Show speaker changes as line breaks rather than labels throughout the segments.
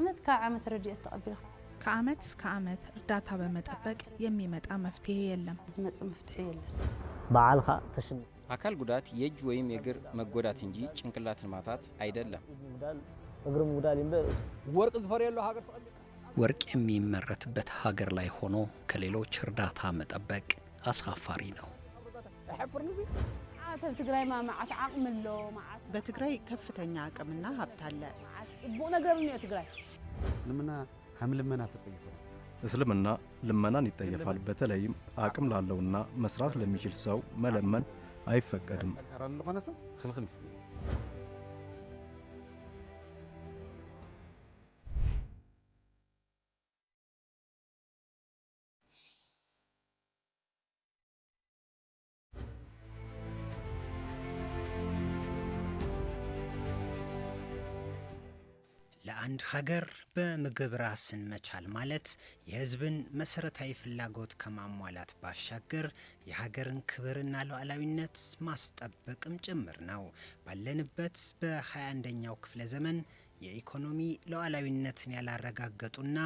ዓመት ካብ ረድኤት ተቐቢልካ ከዓመት እስከ ዓመት እርዳታ በመጠበቅ የሚመጣ መፍትሄ የለም።
ዝመጽእ መፍትሄ የለን።
በዓልካ ተሽን
አካል ጉዳት የእጅ ወይም የእግር መጎዳት እንጂ ጭንቅላትን ማታት አይደለም።
እግር ጉዳል
ወርቅ ዝፈርየሉ ሀገር
ወርቅ የሚመረትበት ሀገር ላይ ሆኖ ከሌሎች እርዳታ መጠበቅ አሳፋሪ ነው።
በትግራይ ከፍተኛ አቅምና ሀብት አለ።
እስልምና ልመና አልተጸይፈም።
እስልምና ልመናን ይጠየፋል። በተለይም አቅም ላለውና መስራት ለሚችል ሰው መለመን አይፈቀድም።
አንድ ሀገር በምግብ ራስን መቻል ማለት የሕዝብን መሰረታዊ ፍላጎት ከማሟላት ባሻገር የሀገርን ክብርና ሉዓላዊነት ማስጠበቅም ጭምር ነው። ባለንበት በ21ኛው ክፍለ ዘመን የኢኮኖሚ ሉዓላዊነትን ያላረጋገጡና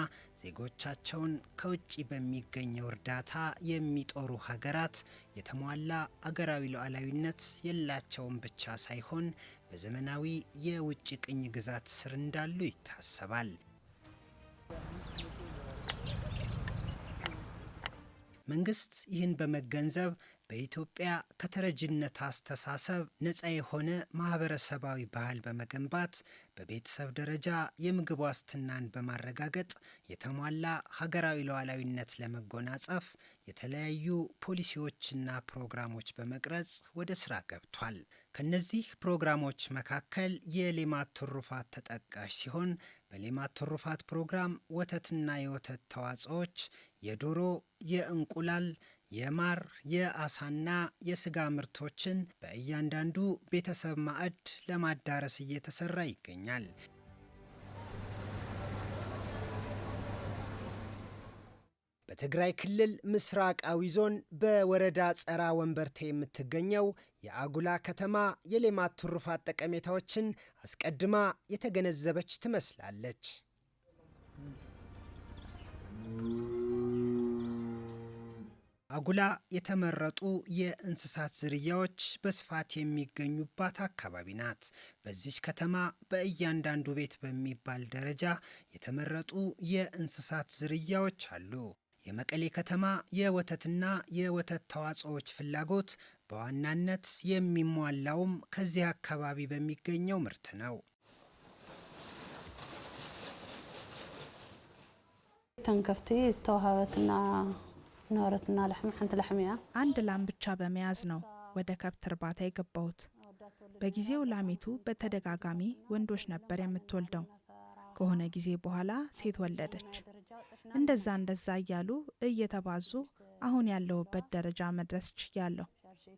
ዜጎቻቸውን ከውጭ በሚገኘው እርዳታ የሚጦሩ ሀገራት የተሟላ አገራዊ ሉዓላዊነት የላቸውም ብቻ ሳይሆን በዘመናዊ የውጭ ቅኝ ግዛት ስር እንዳሉ ይታሰባል። መንግስት ይህን በመገንዘብ በኢትዮጵያ ከተረጅነት አስተሳሰብ ነፃ የሆነ ማህበረሰባዊ ባህል በመገንባት በቤተሰብ ደረጃ የምግብ ዋስትናን በማረጋገጥ የተሟላ ሀገራዊ ሉዓላዊነት ለመጎናጸፍ የተለያዩ ፖሊሲዎችና ፕሮግራሞች በመቅረጽ ወደ ስራ ገብቷል። ከነዚህ ፕሮግራሞች መካከል የሌማት ትሩፋት ተጠቃሽ ሲሆን በሌማት ትሩፋት ፕሮግራም ወተትና የወተት ተዋጽዎች የዶሮ፣ የእንቁላል የማር የአሳና የስጋ ምርቶችን በእያንዳንዱ ቤተሰብ ማዕድ ለማዳረስ እየተሰራ ይገኛል። በትግራይ ክልል ምስራቃዊ ዞን በወረዳ ጸራ ወንበርቴ የምትገኘው የአጉላ ከተማ የሌማት ትሩፋት ጠቀሜታዎችን አስቀድማ የተገነዘበች ትመስላለች። አጉላ የተመረጡ የእንስሳት ዝርያዎች በስፋት የሚገኙባት አካባቢ ናት። በዚች ከተማ በእያንዳንዱ ቤት በሚባል ደረጃ የተመረጡ የእንስሳት ዝርያዎች አሉ። የመቀሌ ከተማ የወተትና የወተት ተዋጽኦዎች ፍላጎት በዋናነት የሚሟላውም ከዚህ አካባቢ በሚገኘው ምርት ነው።
ተንከፍቲ ተዋህበትና
አንድ ላም ብቻ በመያዝ ነው ወደ ከብት እርባታ የገባሁት። በጊዜው ላሚቱ በተደጋጋሚ ወንዶች ነበር የምትወልደው። ከሆነ ጊዜ በኋላ ሴት ወለደች። እንደዛ እንደዛ እያሉ እየተባዙ አሁን ያለውበት ደረጃ መድረስ ችያለሁ።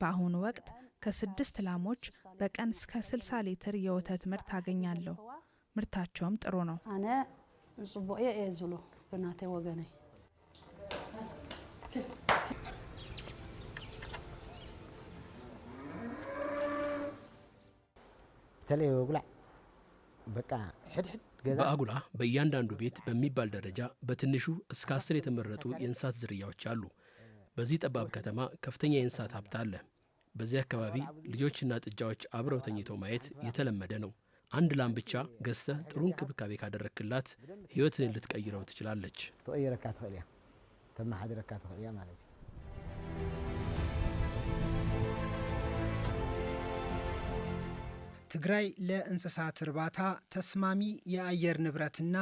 በአሁኑ ወቅት ከስድስት ላሞች በቀን እስከ 60 ሊትር የወተት ምርት አገኛለሁ። ምርታቸውም ጥሩ ነው።
አነ ጽቡቅ ብናቴ ወገነይ
በተለይ በቃ ሕድሕድ
ገዛ በአጉላ በእያንዳንዱ ቤት በሚባል ደረጃ በትንሹ እስከ አስር የተመረጡ የእንስሳት ዝርያዎች አሉ። በዚህ ጠባብ ከተማ ከፍተኛ የእንስሳት ሀብት አለ። በዚህ አካባቢ ልጆችና ጥጃዎች አብረው ተኝቶ ማየት የተለመደ ነው። አንድ ላም ብቻ ገዝተህ ጥሩ እንክብካቤ ካደረክላት ሕይወትህን ልትቀይረው ትችላለች።
ትኽእል እያ ተመሓድረካ ትኽእል እያ ማለት እዩ
ትግራይ ለእንስሳት እርባታ ተስማሚ የአየር ንብረትና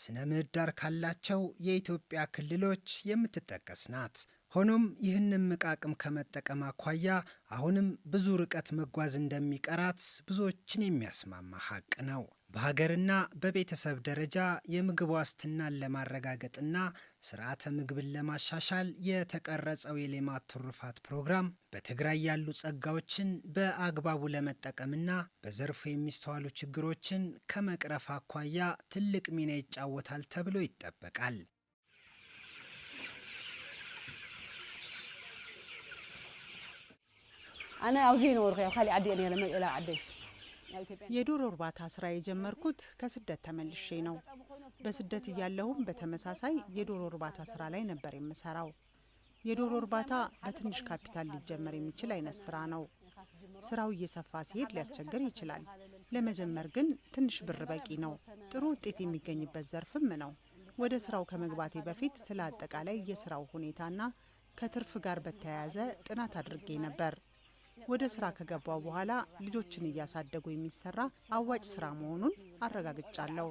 ስነ ምህዳር ካላቸው የኢትዮጵያ ክልሎች የምትጠቀስ ናት። ሆኖም ይህን ምቃቅም ከመጠቀም አኳያ አሁንም ብዙ ርቀት መጓዝ እንደሚቀራት ብዙዎችን የሚያስማማ ሀቅ ነው። በሀገርና በቤተሰብ ደረጃ የምግብ ዋስትናን ለማረጋገጥና ስርዓተ ምግብን ለማሻሻል የተቀረጸው የሌማት ትሩፋት ፕሮግራም በትግራይ ያሉ ጸጋዎችን በአግባቡ ለመጠቀምና በዘርፉ የሚስተዋሉ ችግሮችን ከመቅረፍ አኳያ ትልቅ ሚና ይጫወታል ተብሎ ይጠበቃል።
አነ አብዚ ነበርኩ ያብ ካሊእ ዓዲ እየ
የዶሮ እርባታ ስራ የጀመርኩት ከስደት ተመልሼ ነው። በስደት እያለሁም በተመሳሳይ የዶሮ እርባታ ስራ ላይ ነበር የምሰራው። የዶሮ እርባታ በትንሽ ካፒታል ሊጀመር የሚችል አይነት ስራ ነው። ስራው እየሰፋ ሲሄድ ሊያስቸግር ይችላል። ለመጀመር ግን ትንሽ ብር በቂ ነው። ጥሩ ውጤት የሚገኝበት ዘርፍም ነው። ወደ ስራው ከመግባቴ በፊት ስለ አጠቃላይ የስራው ሁኔታና ከትርፍ ጋር በተያያዘ ጥናት አድርጌ ነበር። ወደ ስራ ከገባ በኋላ ልጆችን እያሳደጉ የሚሰራ አዋጭ ስራ መሆኑን አረጋግጫለሁ።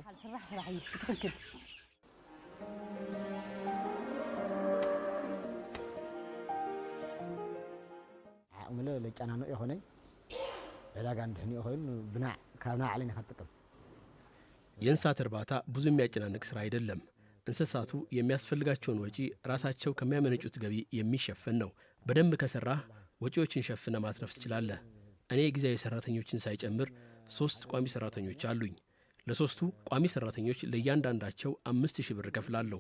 ዓቅሚ ለጨናንዑ ዕዳጋ እንድህን ኮይኑ ብና ካብና ዓለን ይኸጥቅም
የእንስሳት እርባታ ብዙ የሚያጨናንቅ ስራ አይደለም። እንስሳቱ የሚያስፈልጋቸውን ወጪ ራሳቸው ከሚያመነጩት ገቢ የሚሸፍን ነው። በደንብ ከሰራህ ወጪዎችን ሸፍነ ማትረፍ ትችላለህ። እኔ ጊዜያዊ ሰራተኞችን ሳይጨምር ሶስት ቋሚ ሰራተኞች አሉኝ። ለሶስቱ ቋሚ ሰራተኞች ለእያንዳንዳቸው አምስት ሺህ ብር እከፍላለሁ።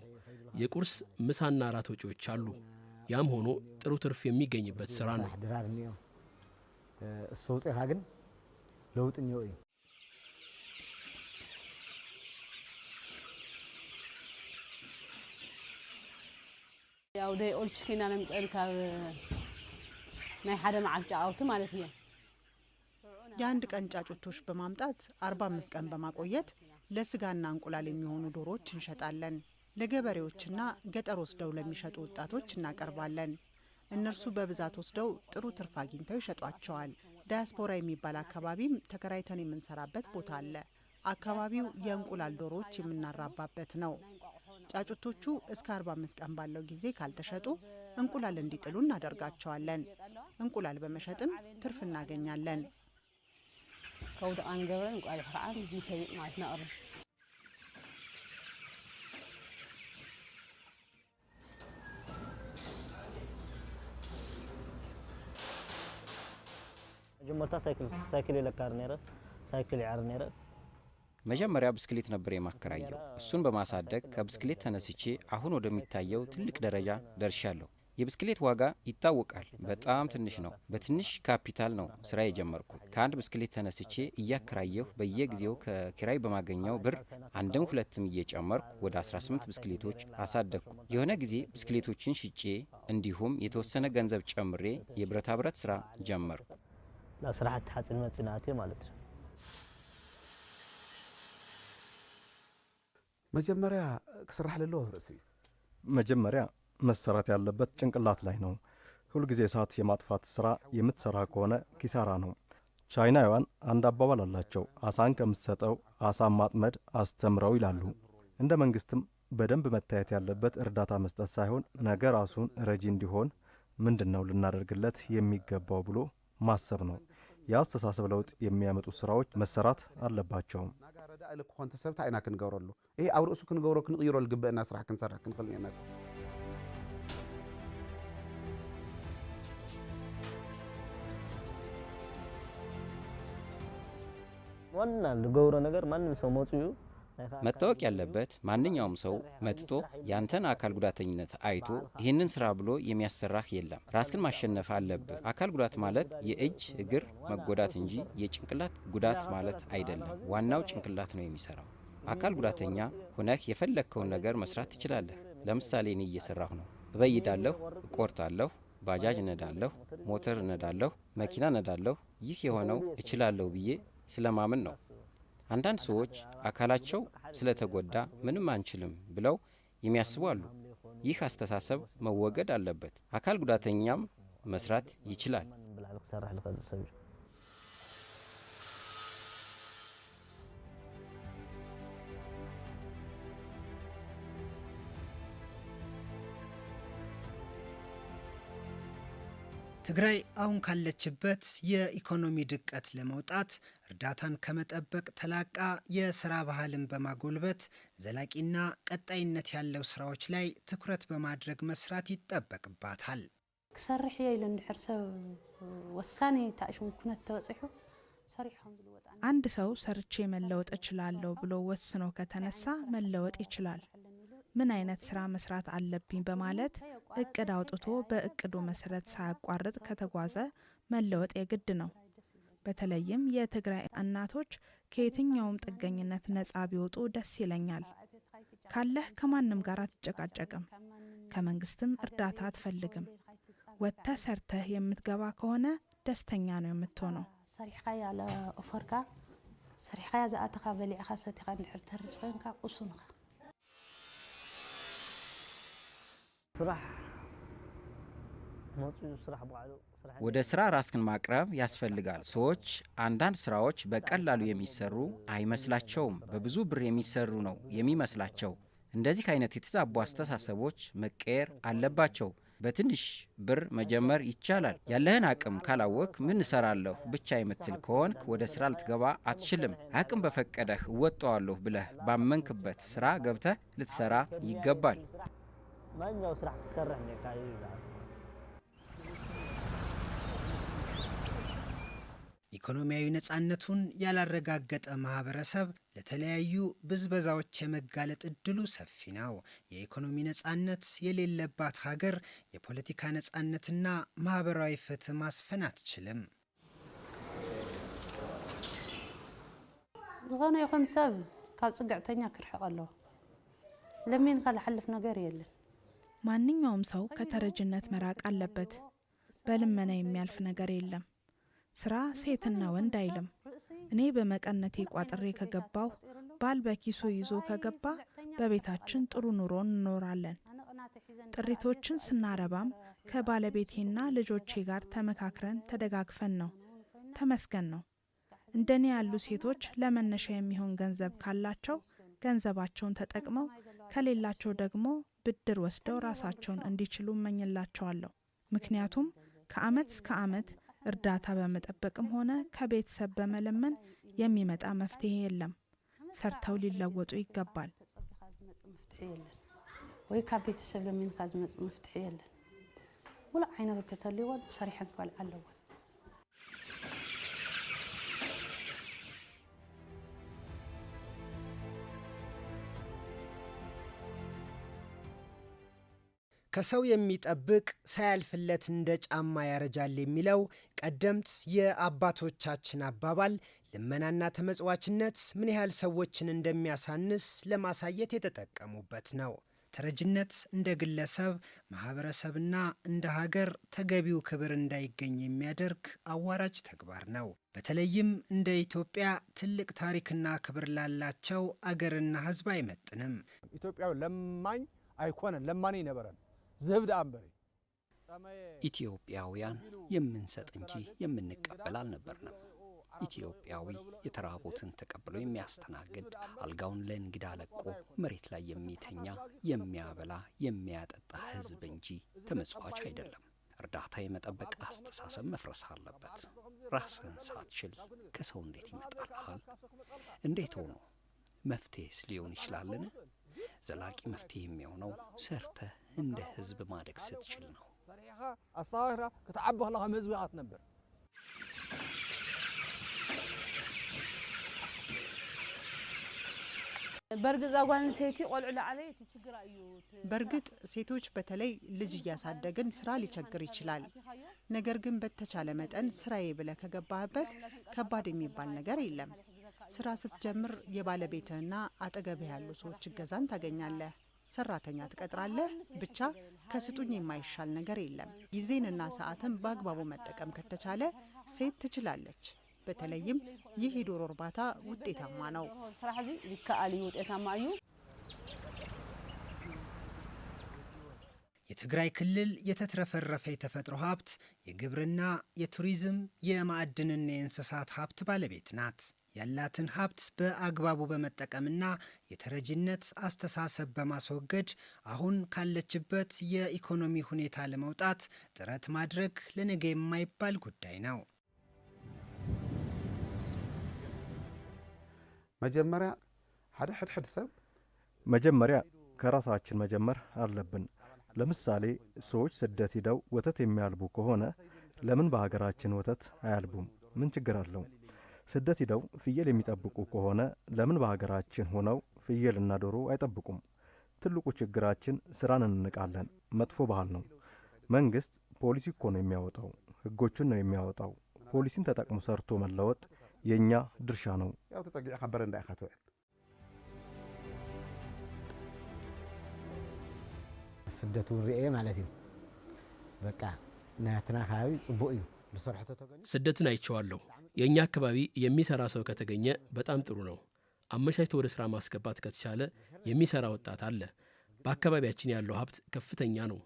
የቁርስ ምሳና አራት ወጪዎች አሉ። ያም ሆኖ ጥሩ ትርፍ የሚገኝበት ስራ ነው።
እሱ ግን ለውጥ እዩ
ያው ደይ ኦልችኪና ለምጠል ካብ ናይ ሓደ መዓልቲ ኣውቲ ማለት እየ
የአንድ ቀን ጫጩቶች በማምጣት 45 ቀን በማቆየት ለስጋና እንቁላል የሚሆኑ ዶሮዎች እንሸጣለን። ለገበሬዎችና ገጠር ወስደው ለሚሸጡ ወጣቶች እናቀርባለን። እነርሱ በብዛት ወስደው ጥሩ ትርፍ አግኝተው ይሸጧቸዋል። ዳያስፖራ የሚባል አካባቢም ተከራይተን የምንሰራበት ቦታ አለ። አካባቢው የእንቁላል ዶሮዎች የምናራባበት ነው። ጫጩቶቹ እስከ 45 ቀን ባለው ጊዜ ካልተሸጡ እንቁላል እንዲጥሉ እናደርጋቸዋለን። እንቁላል በመሸጥም ትርፍ እናገኛለን።
ከውድ አንገብረን እንቁላል ከዓ ንሸይጥ ማለት ነቅርብ
መጀመርታ ሳይክል ሳይክል ይለካር ነይረ ሳይክል ይዓር ነይረ
መጀመሪያ ብስክሌት ነበር የማከራየው። እሱን በማሳደግ ከብስክሌት ተነስቼ አሁን ወደሚታየው ትልቅ ደረጃ ደርሻለሁ። የብስክሌት ዋጋ ይታወቃል፣ በጣም ትንሽ ነው። በትንሽ ካፒታል ነው ስራ የጀመርኩት። ከአንድ ብስክሌት ተነስቼ እያከራየሁ በየጊዜው ከኪራይ በማገኘው ብር አንድም ሁለትም እየጨመርኩ ወደ 18 ብስክሌቶች አሳደግኩ። የሆነ ጊዜ ብስክሌቶችን ሽጬ እንዲሁም የተወሰነ ገንዘብ ጨምሬ የብረታ ብረት ስራ ጀመርኩ።
ናብ ስራሕቲ ሓፂን መፅናእቴ ማለት ነው።
መጀመሪያ ክስራሕ ለለዎ ርእሲ
መጀመሪያ መሰራት ያለበት ጭንቅላት ላይ ነው። ሁልጊዜ እሳት የማጥፋት ስራ የምትሰራ ከሆነ ኪሳራ ነው። ቻይናያን አንድ አባባል አላቸው። አሳን ከምትሰጠው አሳን ማጥመድ አስተምረው ይላሉ። እንደ መንግስትም በደንብ መታየት ያለበት እርዳታ መስጠት ሳይሆን ነገ ራሱን ረጂ እንዲሆን ምንድን ነው ልናደርግለት የሚገባው ብሎ ማሰብ ነው። የአስተሳሰብ ለውጥ የሚያመጡ ስራዎች መሰራት አለባቸውም።
ረዳ ኢለ ክኾን ተሰብታ ኢና ክንገብረሉ ይሄ ኣብ ርእሱ ክንገብሮ ክንቕይሮ ዝግብአና ስራሕ ክንሰርሕ ክንኽእል ኒአና
ዋና ዝገብሮ ነገር ማንም ሰብ መፅኡ
መታወቅ ያለበት ማንኛውም ሰው መጥቶ ያንተን አካል ጉዳተኝነት አይቶ ይህንን ስራ ብሎ የሚያሰራህ የለም። ራስክን ማሸነፍ አለብህ። አካል ጉዳት ማለት የእጅ እግር መጎዳት እንጂ የጭንቅላት ጉዳት ማለት አይደለም። ዋናው ጭንቅላት ነው የሚሰራው። አካል ጉዳተኛ ሆነህ የፈለግከውን ነገር መስራት ትችላለህ። ለምሳሌ እኔ እየሰራሁ ነው። እበይዳለሁ፣ እቆርጣለሁ፣ ባጃጅ እነዳለሁ፣ ሞተር እነዳለሁ፣ መኪና እነዳለሁ። ይህ የሆነው እችላለሁ ብዬ ስለማምን ነው። አንዳንድ ሰዎች አካላቸው ስለተጎዳ ምንም አንችልም ብለው የሚያስቡ አሉ። ይህ አስተሳሰብ መወገድ አለበት። አካል ጉዳተኛም መስራት ይችላል።
ትግራይ አሁን ካለችበት የኢኮኖሚ ድቀት ለመውጣት እርዳታን ከመጠበቅ ተላቃ የስራ ባህልን በማጎልበት ዘላቂና ቀጣይነት ያለው ስራዎች ላይ ትኩረት በማድረግ መስራት ይጠበቅባታል።
ክሰርሕ እየ ኢሉ እንድሕር ሰብ ወሳኒ ታእሽም ኩነት ተበፂሑ
አንድ ሰው ሰርቼ መለወጥ እችላለሁ ብሎ ወስኖ ከተነሳ መለወጥ ይችላል። ምን አይነት ስራ መስራት አለብኝ በማለት እቅድ አውጥቶ በእቅዱ መሰረት ሳያቋርጥ ከተጓዘ መለወጥ የግድ ነው። በተለይም የትግራይ እናቶች ከየትኛውም ጥገኝነት ነጻ ቢወጡ ደስ ይለኛል። ካለህ ከማንም ጋር አትጨቃጨቅም፣ ከመንግስትም እርዳታ አትፈልግም። ወጥተህ ሰርተህ የምትገባ ከሆነ ደስተኛ ነው የምትሆነው።
ሰሪሕካ ያለ ኦፈርካ ሰሪሕካ ያዛኣተካ በሊዕካ ሰቲካ እንድሕር ተርስኮንካ ቁሱንኻ
ወደ ስራ ራስን ማቅረብ ያስፈልጋል። ሰዎች አንዳንድ ስራዎች በቀላሉ የሚሰሩ አይመስላቸውም። በብዙ ብር የሚሰሩ ነው የሚመስላቸው። እንደዚህ አይነት የተዛቡ አስተሳሰቦች መቀየር አለባቸው። በትንሽ ብር መጀመር ይቻላል። ያለህን አቅም ካላወቅ ምን እሰራለሁ ብቻ የምትል ከሆንክ ወደ ስራ ልትገባ አትችልም። አቅም በፈቀደህ እወጣዋለሁ ብለህ ባመንክበት ስራ ገብተህ ልትሰራ ይገባል። ማንኛው ስራ ክሰርሕ ኔርካ ይዛል
ኢኮኖሚያዊ ነፃነቱን ያላረጋገጠ ማህበረሰብ ለተለያዩ ብዝበዛዎች የመጋለጥ እድሉ ሰፊ ነው። የኢኮኖሚ ነፃነት የሌለባት ሀገር የፖለቲካ ነፃነትና ማህበራዊ ፍትህ ማስፈን አትችልም።
ዝኾነ ይኹን ሰብ ካብ ጽግዕተኛ ክርሕቕ ኣለዎ ለሚን ካልሓልፍ ነገር የለን
ማንኛውም ሰው ከተረጅነት መራቅ አለበት። በልመና የሚያልፍ ነገር የለም። ስራ ሴትና ወንድ አይልም። እኔ በመቀነቴ ቋጥሬ ከገባሁ ባል በኪሱ ይዞ ከገባ በቤታችን ጥሩ ኑሮ እንኖራለን። ጥሪቶችን ስናረባም ከባለቤቴና ልጆቼ ጋር ተመካክረን ተደጋግፈን ነው። ተመስገን ነው። እንደኔ ያሉ ሴቶች ለመነሻ የሚሆን ገንዘብ ካላቸው ገንዘባቸውን ተጠቅመው ከሌላቸው ደግሞ ብድር ወስደው ራሳቸውን እንዲችሉ እመኝላቸዋለሁ። ምክንያቱም ከአመት እስከ አመት እርዳታ በመጠበቅም ሆነ ከቤተሰብ በመለመን የሚመጣ መፍትሄ የለም። ሰርተው ሊለወጡ ይገባል።
ወይ ካብ ቤተሰብ ለሚንካ ዝመፅ መፍትሒ የለን ሙሉእ ዓይነ ብርከት ኣለዎን ሰሪሐን ክበልዓ ኣለዎን
ከሰው የሚጠብቅ ሳያልፍለት እንደ ጫማ ያረጃል የሚለው ቀደምት የአባቶቻችን አባባል ልመናና ተመጽዋችነት ምን ያህል ሰዎችን እንደሚያሳንስ ለማሳየት የተጠቀሙበት ነው። ተረጅነት እንደ ግለሰብ ማህበረሰብና እንደ ሀገር ተገቢው ክብር እንዳይገኝ የሚያደርግ አዋራጅ ተግባር ነው። በተለይም እንደ ኢትዮጵያ ትልቅ ታሪክና ክብር ላላቸው አገርና ሕዝብ አይመጥንም።
ኢትዮጵያው ለማኝ አይኮነን ለማኔ ነበረን ዝህብ አንበሪ
ኢትዮጵያውያን የምንሰጥ እንጂ የምንቀበል አልነበርንም። ኢትዮጵያዊ የተራቡትን ተቀብሎ የሚያስተናግድ አልጋውን ለእንግዳ ለቆ መሬት ላይ የሚተኛ የሚያበላ የሚያጠጣ ህዝብ እንጂ ተመጽዋች አይደለም። እርዳታ የመጠበቅ አስተሳሰብ መፍረስ አለበት። ራስህን ሳትችል ከሰው እንዴት ይመጣልሃል? እንዴት ሆኖ መፍትሄስ ሊሆን ይችላልን? ዘላቂ መፍትሄ የሚሆነው ሰርተ እንደ ህዝብ ማደግ ስትችል ነው። አሳራ ክትዓቢ ከለኻ ህዝቢ አትነብር።
በእርግጥ ሴቶች በተለይ ልጅ እያሳደግን ስራ ሊቸግር ይችላል። ነገር ግን በተቻለ መጠን ስራዬ ብለህ ከገባህበት ከባድ የሚባል ነገር የለም። ስራ ስትጀምር የባለቤትህና አጠገብ ያሉ ሰዎች እገዛን ታገኛለህ። ሰራተኛ ትቀጥራለህ። ብቻ ከስጡኝ የማይሻል ነገር የለም። ጊዜንና ሰዓትን በአግባቡ መጠቀም ከተቻለ ሴት ትችላለች። በተለይም ይህ የዶሮ እርባታ ውጤታማ ነው።
የትግራይ ክልል የተትረፈረፈ የተፈጥሮ ሀብት፣ የግብርና፣ የቱሪዝም፣ የማዕድንና የእንስሳት ሀብት ባለቤት ናት። ያላትን ሀብት በአግባቡ በመጠቀምና የተረጂነት አስተሳሰብ በማስወገድ አሁን ካለችበት የኢኮኖሚ ሁኔታ ለመውጣት ጥረት ማድረግ ለነገ የማይባል ጉዳይ ነው።
መጀመሪያ ሓደ ሕድሕድ ሰብ
መጀመሪያ ከራሳችን መጀመር አለብን። ለምሳሌ ሰዎች ስደት ሂደው ወተት የሚያልቡ ከሆነ ለምን በሀገራችን ወተት አያልቡም? ምን ችግር አለው? ስደት ሂደው ፍየል የሚጠብቁ ከሆነ ለምን በሀገራችን ሆነው ፍየልና ዶሮ አይጠብቁም? ትልቁ ችግራችን ስራን እንንቃለን። መጥፎ ባህል ነው። መንግስት ፖሊሲ እኮ ነው የሚያወጣው፣ ህጎችን ነው የሚያወጣው። ፖሊሲን ተጠቅሞ ሰርቶ መለወጥ የእኛ ድርሻ ነው።
ስደቱ ርኤ ማለት እዩ በቃ ናትና ከባቢ ጽቡቅ እዩ
ስደትን አይቸዋለሁ የእኛ አካባቢ የሚሰራ ሰው ከተገኘ በጣም ጥሩ ነው። አመቻችቶ ወደ ስራ ማስገባት ከተቻለ የሚሰራ ወጣት አለ። በአካባቢያችን ያለው ሀብት ከፍተኛ ነው።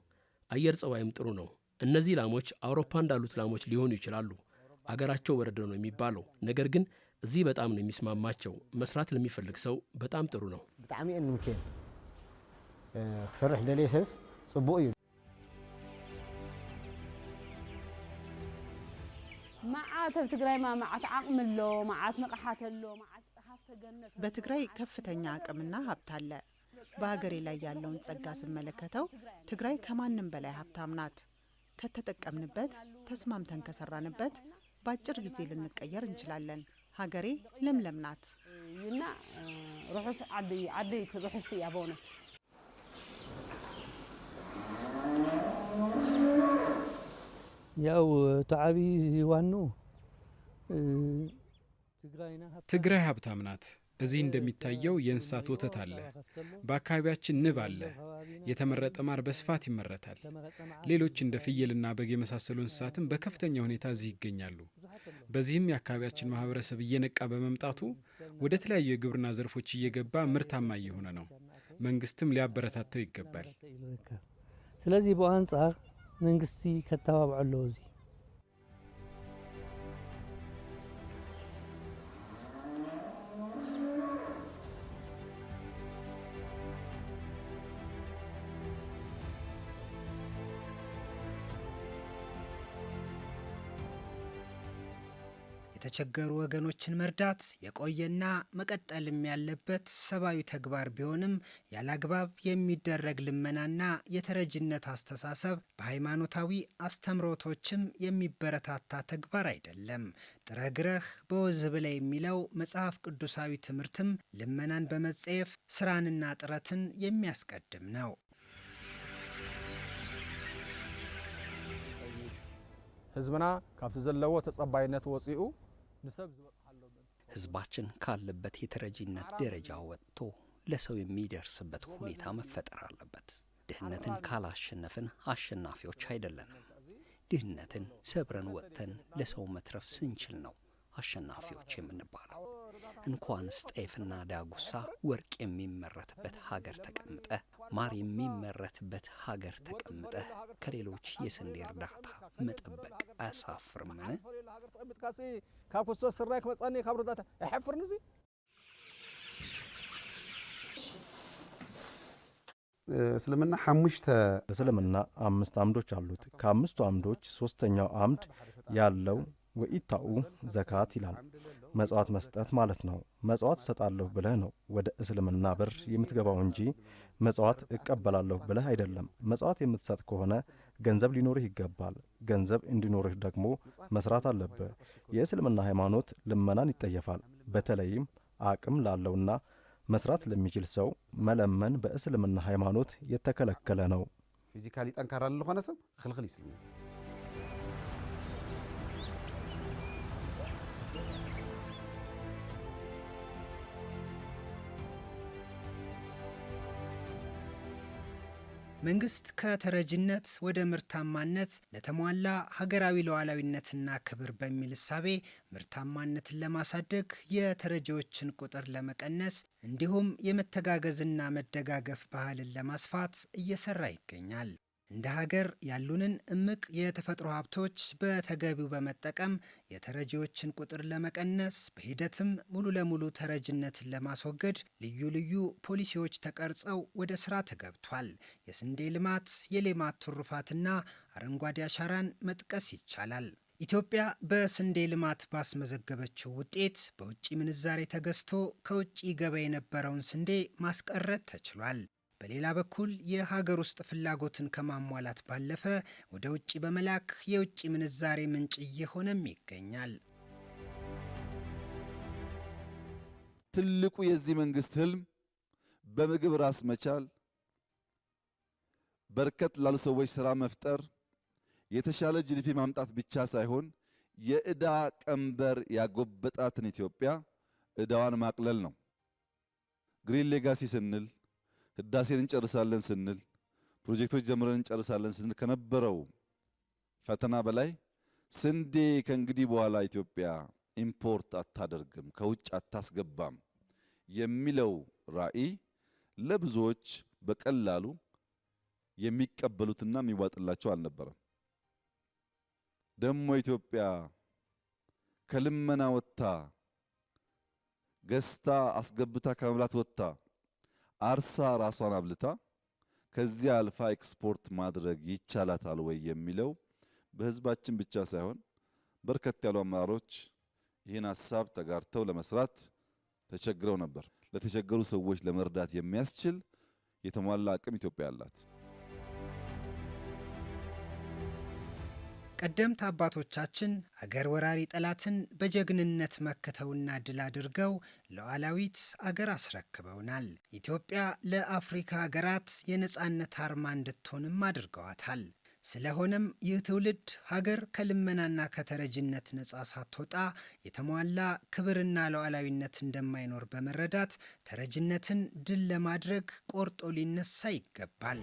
አየር ጸባይም ጥሩ ነው። እነዚህ ላሞች አውሮፓ እንዳሉት ላሞች ሊሆኑ ይችላሉ። አገራቸው ወረደ ነው የሚባለው። ነገር ግን እዚህ በጣም ነው የሚስማማቸው። መስራት ለሚፈልግ ሰው በጣም ጥሩ ነው።
ብጣዕሚ እየ ክሰርሕ ደልየ ሰብስ ጽቡቅ እዩ
ማዕተብ ትግራይ ማዓት ኣሎ ማዓት ንቕሓት ኣሎ ማዓት
በትግራይ ከፍተኛ አቅምና ሀብት አለ። በሀገሬ ላይ ያለውን ጸጋ ስመለከተው ትግራይ ከማንም በላይ ሀብታም ናት። ከተጠቀምንበት፣ ተስማምተን ከሰራንበት በአጭር ጊዜ ልንቀየር እንችላለን። ሀገሬ ለምለም ናት
እና ርሑስ ዓደይ ዓደይ ርሑስቲ እያ በእውነት
ያው ተዓቢ ዋኑ
ትግራይ ሀብታም ናት። እዚህ እንደሚታየው የእንስሳት ወተት አለ። በአካባቢያችን ንብ አለ። የተመረጠ ማር በስፋት ይመረታል። ሌሎች እንደ ፍየልና በግ የመሳሰሉ እንስሳትም በከፍተኛ ሁኔታ እዚህ ይገኛሉ። በዚህም የአካባቢያችን ማህበረሰብ እየነቃ በመምጣቱ ወደ ተለያዩ የግብርና ዘርፎች እየገባ ምርታማ እየሆነ ነው። መንግስትም ሊያበረታተው ይገባል።
ስለዚህ በአንጻር መንግስቲ ከተባብዐለው ኣለዎ
የተቸገሩ ወገኖችን መርዳት የቆየና መቀጠልም ያለበት ሰብአዊ ተግባር ቢሆንም ያለአግባብ የሚደረግ ልመናና የተረጅነት አስተሳሰብ በሃይማኖታዊ አስተምሮቶችም የሚበረታታ ተግባር አይደለም። ጥረግረህ ግረህ በወዝብ ላይ የሚለው መጽሐፍ ቅዱሳዊ ትምህርትም ልመናን በመጸየፍ ስራንና ጥረትን የሚያስቀድም ነው።
ህዝብና ካብቲ ዘለዎ ተጸባይነት ወፂኡ
ህዝባችን ካለበት የተረጂነት ደረጃ ወጥቶ ለሰው የሚደርስበት ሁኔታ መፈጠር አለበት። ድህነትን ካላሸነፍን አሸናፊዎች አይደለንም። ድህነትን ሰብረን ወጥተን ለሰው መትረፍ ስንችል ነው አሸናፊዎች የምንባለው። እንኳንስ ጤፍና ዳጉሳ ወርቅ የሚመረትበት ሀገር ተቀምጠ፣ ማር የሚመረትበት ሀገር ተቀምጠ ከሌሎች የስንዴ እርዳታ መጠበቅ አያሳፍርምን? ሃገር ተቐሚጥካ ካብ ክርስቶስ ስራይ ካብ ይሓፍርን እዙ
እስልምና ሐሙሽተ
እስልምና አምስት አምዶች አሉት። ከአምስቱ አምዶች ሶስተኛው አምድ ያለው ወኢታኡ ዘካት ይላል። መጽዋት መስጠት ማለት ነው። መጽዋት እሰጣለሁ ብለህ ነው ወደ እስልምና ብር የምትገባው እንጂ መጽዋት እቀበላለሁ ብለህ አይደለም። መጽዋት የምትሰጥ ከሆነ ገንዘብ ሊኖርህ ይገባል። ገንዘብ እንዲኖርህ ደግሞ መስራት አለብህ። የእስልምና ሃይማኖት ልመናን ይጠየፋል። በተለይም አቅም ላለውና መስራት ለሚችል ሰው መለመን በእስልምና ሃይማኖት የተከለከለ ነው።
ፊዚካሊ ጠንካራ ለሆነ ሰብ ክልክል ይስልም
መንግስት ከተረጅነት ወደ ምርታማነት ለተሟላ ሀገራዊ ሉዓላዊነትና ክብር በሚል እሳቤ ምርታማነትን ለማሳደግ የተረጂዎችን ቁጥር ለመቀነስ እንዲሁም የመተጋገዝና መደጋገፍ ባህልን ለማስፋት እየሰራ ይገኛል። እንደ ሀገር ያሉንን እምቅ የተፈጥሮ ሀብቶች በተገቢው በመጠቀም የተረጂዎችን ቁጥር ለመቀነስ በሂደትም ሙሉ ለሙሉ ተረጅነትን ለማስወገድ ልዩ ልዩ ፖሊሲዎች ተቀርጸው ወደ ስራ ተገብቷል። የስንዴ ልማት፣ የሌማት ትሩፋትና አረንጓዴ አሻራን መጥቀስ ይቻላል። ኢትዮጵያ በስንዴ ልማት ባስመዘገበችው ውጤት በውጭ ምንዛሬ ተገዝቶ ከውጭ ገበያ የነበረውን ስንዴ ማስቀረት ተችሏል። በሌላ በኩል የሀገር ውስጥ ፍላጎትን ከማሟላት ባለፈ ወደ ውጭ በመላክ የውጭ ምንዛሬ ምንጭ እየሆነም ይገኛል።
ትልቁ የዚህ መንግስት ህልም በምግብ ራስ መቻል፣ በርከት ላሉ ሰዎች ስራ መፍጠር፣ የተሻለ ጂዲፒ ማምጣት ብቻ ሳይሆን የዕዳ ቀንበር ያጎበጣትን ኢትዮጵያ ዕዳዋን ማቅለል ነው። ግሪን ሌጋሲ ስንል ህዳሴን እንጨርሳለን ስንል ፕሮጀክቶች ጀምረን እንጨርሳለን ስንል ከነበረው ፈተና በላይ ስንዴ ከእንግዲህ በኋላ ኢትዮጵያ ኢምፖርት አታደርግም፣ ከውጭ አታስገባም የሚለው ራዕይ ለብዙዎች በቀላሉ የሚቀበሉትና የሚዋጥላቸው አልነበረም። ደግሞ ኢትዮጵያ ከልመና ወጥታ ገዝታ አስገብታ ከመብላት ወጥታ አርሳ ራሷን አብልታ ከዚያ አልፋ ኤክስፖርት ማድረግ ይቻላታል ወይ የሚለው በህዝባችን ብቻ ሳይሆን በርከት ያሉ አመራሮች ይህን ሀሳብ ተጋርተው ለመስራት ተቸግረው ነበር። ለተቸገሩ ሰዎች ለመርዳት የሚያስችል የተሟላ አቅም ኢትዮጵያ አላት።
ቀደምት አባቶቻችን አገር ወራሪ ጠላትን በጀግንነት መክተውና ድል አድርገው ሉዓላዊት አገር አስረክበውናል። ኢትዮጵያ ለአፍሪካ አገራት የነፃነት አርማ እንድትሆንም አድርገዋታል። ስለሆነም ይህ ትውልድ ሀገር ከልመናና ከተረጅነት ነጻ ሳትወጣ የተሟላ ክብርና ሉዓላዊነት እንደማይኖር በመረዳት ተረጅነትን ድል ለማድረግ ቆርጦ ሊነሳ ይገባል።